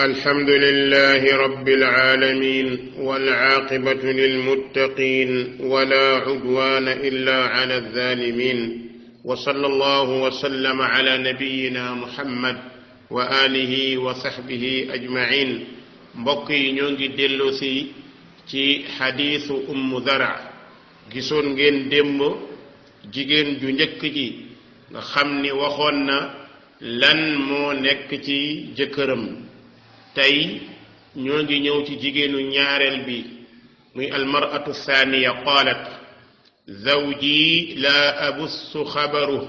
الحمد لله رب العالمين والعاقبه للمتقين ولا عدوان الا على الظالمين وصلى الله وسلم على نبينا محمد واله وصحبه اجمعين بقي نيونغي دلوسي سي تي حديث ام ذرع غيسون نين ديم جيجين جو نيك تي خامني مو نيك جكرم tay ñoo ngi ñëw ci jigéenu ñaarel bi muy al mar'atu thaniya qalat zawji la abussu khabaru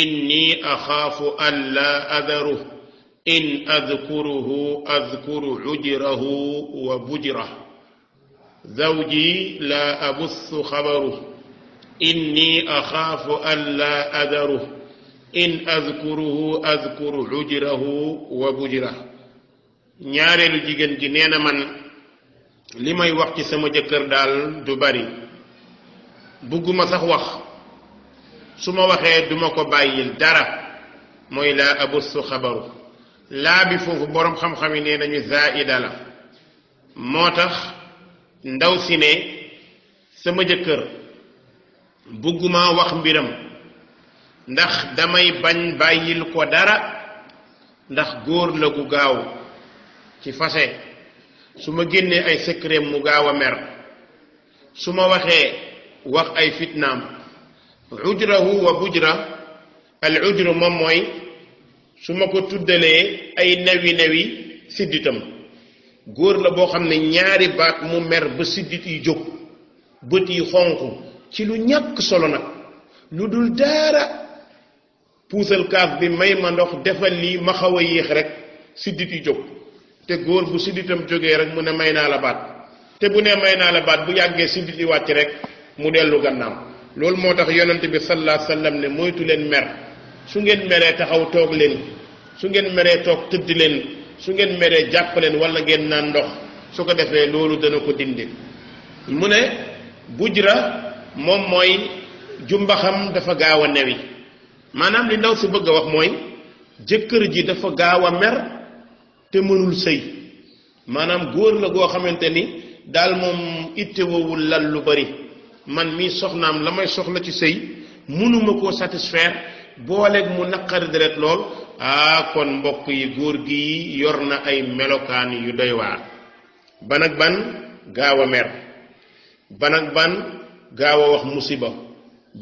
inni akhafu an la adaruh in adhkuruhu adhkuru ujrahu wa bujra zawji la abussu khabaru inni akhafu an la adaruh in adkuruhu adkuru ujrahu wa bujrah ñaareelu jigéen ji nee na man li may wax ci sama jëkkër daal du bari bugguma sax wax su ma waxee duma ko bàyyil dara mooy laa abussu xabaru laa bi foofu boroom xam-xam yi nee nañu zaida la moo tax ndaw si ne sama jëkkër bugguma wax mbiram ndax damay bañ bàyyil ko dara ndax góor la gu gaaw ci fase su ma génnee ay secret mu gaaw a mer su ma waxee wax ay fitnaam ujrahu wa bujra al ujru moom mooy su ma ko tuddalee ay newi newi sidditam góor la boo xam ne ñaari baat mu mer ba siddit yi jóg bët yi xonq ci lu ñàkk solo nag lu dul dara puusal kaaf bi may ma ndox defal lii ma xaw a yéex rek siddit yi jóg te góor bu sidditam jógee rek mu ne may naa la baat te bu ne may naa la baat bu yàggee siddit yi wàcc rek mu dellu gannaaw loolu moo tax yonent bi sallallahu alayhi wasallam ne moytu leen mer su ngeen meree taxaw toog leen su ngeen meree toog tëdd leen su ngeen meree jàpp leen wala ngeen naan ndox su ko defee loolu dana ko dindi mu ne ra moom mooy jumbaxam dafa gaaw a newi maanaam li ndaw si bëgg a wax mooy jëkkër ji dafa gaaw a mer te mënul sëy maanaam góor la goo xamante ni daal moom ittewoowul lal lu bari man mii soxnaam la may soxla ci sëy mënuma koo satisfaire booleeg mu naqari deret lool ah kon mbokk yi góor gi yor na ay melokaan yu doy waar ban ak ban gaaw a mer ban ak ban gaaw a wax musiba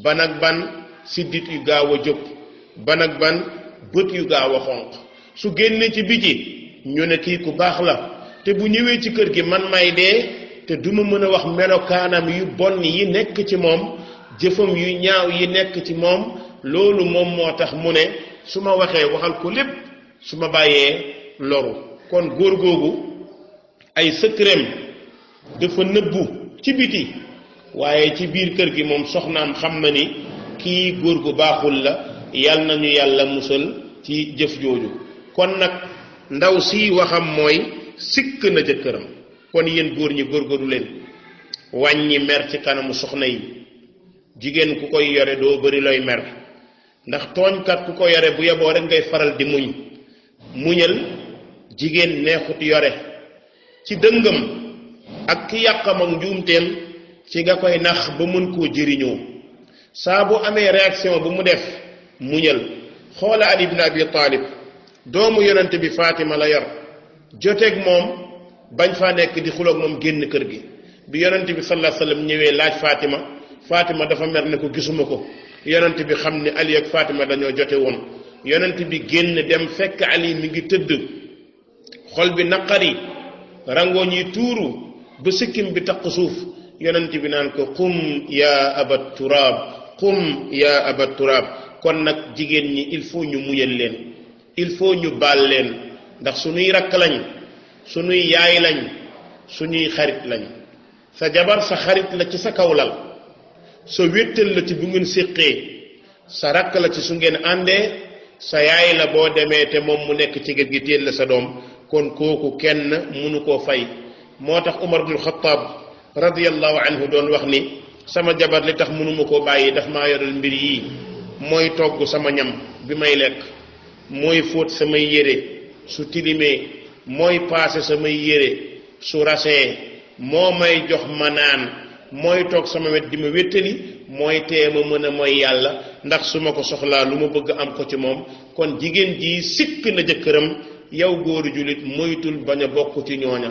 ban ak ban siddit yu gaaw a jóg ban ak ban bët yu gaaw a xonq su génnee ci bi biti ñu ne kii ku baax la te bu ñëwee ci kër gi man may dee te duma mën a wax melokaanam yu bon yi nekk ci moom jëfam yu ñaaw yi nekk ci moom loolu moom moo tax mu ne su ma waxee waxal ko lépp su ma bàyyee loru kon góor googu ay secret dafa nëbbu ci biti waaye ci biir kër gi moom soxnaam xam na ni kii góor gu baaxul la yal nañu yàlla musal ci jëf jooju kon nag ndaw sii waxam mooy sikk na jëkkëram kon yéen góor ñi góorgóorlu leen wàññi mer ci kanamu soxna yi jigéen ku koy yore doo bari looy mer ndax tooñkat ku ko yore bu yeboo rek ngay faral di muñ muñal jigéen neexut yore ci dëngam ak ki yàqam ak njuumteem ci nga koy nax ba mën koo jëriñoo saa bu amee réaction bu mu def muñal xoola Ali ibn Abi Talib doomu yonent bi Fatima la yor joteek moom bañ fa nekk di xuloog moom génn kër gi bi yonent bi sallallahu alayhi ñëwee laaj Fatima Fatima dafa mer ne ko gisuma ko yonent bi xam ne Ali ak Fatima dañoo jote woon yonent bi génn dem fekk Ali mi ngi tëdd xol bi naqari rangoo ñi tuuru ba sikkim bi taq suuf yonent bi naan ko qum yaa aba turaab qum yaa aba turaab kon nag jigéen ñi il faut ñu muyal leen il faut ñu bal leen ndax suñuy rak lañ suñuy yaay lañ suñuy xarit lañ sa jabar sa xarit la ci sa kaw lal sa wéttal la ci bu ngeen séqee sa rak la ci su ngeen àndee sa yaay la boo demee te moom mu nekk ci gët gi téel la sa doom kon kooku kenn munu koo fay moo tax umar bnul xataab radiallahu anhu doon wax ni sama jabar li tax munuma koo bàyyi daf maa yoral mbir yii mooy togg sama ñam bi may lekk mooy fóot samay yére su tilimee mooy paase samay yére su rasee moo may jox ma naan mooy toog sama wet di ma wéttali mooy tee ma mën a mooy yàlla ndax su ma ko soxlaa lu ma bëgg am ko ci moom kon jigéen jii sikk na jëkkëram yow góor jullit moytul bañ a bokk ci ñooña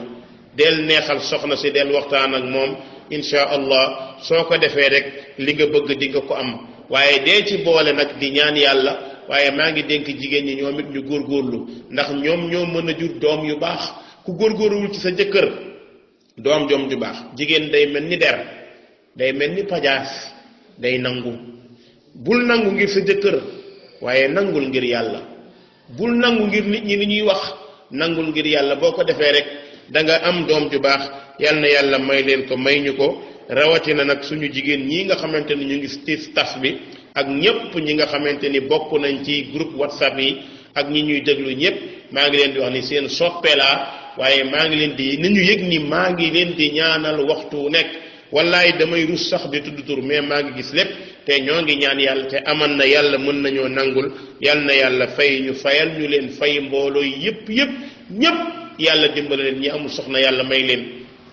del neexal soxna si del waxtaan ak moom insha allah soo ko defee rek li nga bëgg di nga ko am waaye dee ci boole nag di ñaan yàlla waaye maa ngi dénk jigéen ñi ñoom it ñu góorgóorlu ndax ñoom ñoo mën a jur doom yu baax ku góor góorgóorluwul ci sa jëkkër doom doom ju baax jigéen day mel ni der day mel ni pajaas day nangu bul nangu ngir sa jëkkër waaye nangul ngir yàlla bul nangu ngir nit ñi li ñuy wax nangul ngir yàlla boo ko defee rek danga am doom ju baax yal na yàlla may leen ko may ñu ko rawatina nag suñu jigéen ñii nga xamante ni ñu ngi ci tas bi ak ñëpp ñi nga xamante ni bokk nañ ci groupe whatsapp yi ak ñi ñuy déglu ñëpp maa ngi leen di wax ni seen soppe laa waaye maa ngi leen di nañu yëg ni maa ngi leen di ñaanal waxtu wu nekk wallaay damay rus sax di tudd tur mais maa ngi gis lépp te ñoo ngi ñaan yàlla te amal na yàlla mën nañoo nangul yal na yàlla fay ñu fayal ñu leen fay mbooloo yëpp yëpp ñëpp yàlla dimbale leen ñi amul soxna yàlla may leen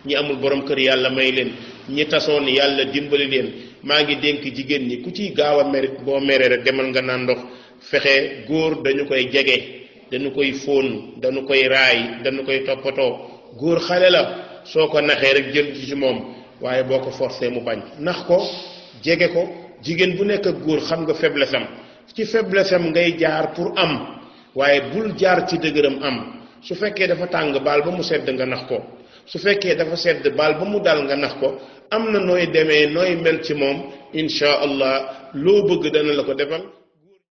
ñi amul borom kër yàlla may leen ñi tasoon yàlla dimbali leen maa ngi dénk jigéen ñi ku ci gaaw a mer boo meree rek demal nga naan ndox fexe góor dañu koy jege dañu koy fóon dañu koy raay dañu koy toppatoo góor xale la soo ko naxee rek jël ci moom waaye boo ko forcé mu bañ nax ko jege ko jigéen bu nekk góor xam nga faiblesse am ci faiblesse ngay jaar pour am waaye bul jaar ci dëgëram am su fekkee dafa tàng baal ba mu sedd nga nax ko su fekkee dafa sedd baal ba mu dal nga nax ko am na nooy demee nooy mel ci moom incha allah loo bëgg dana la ko defal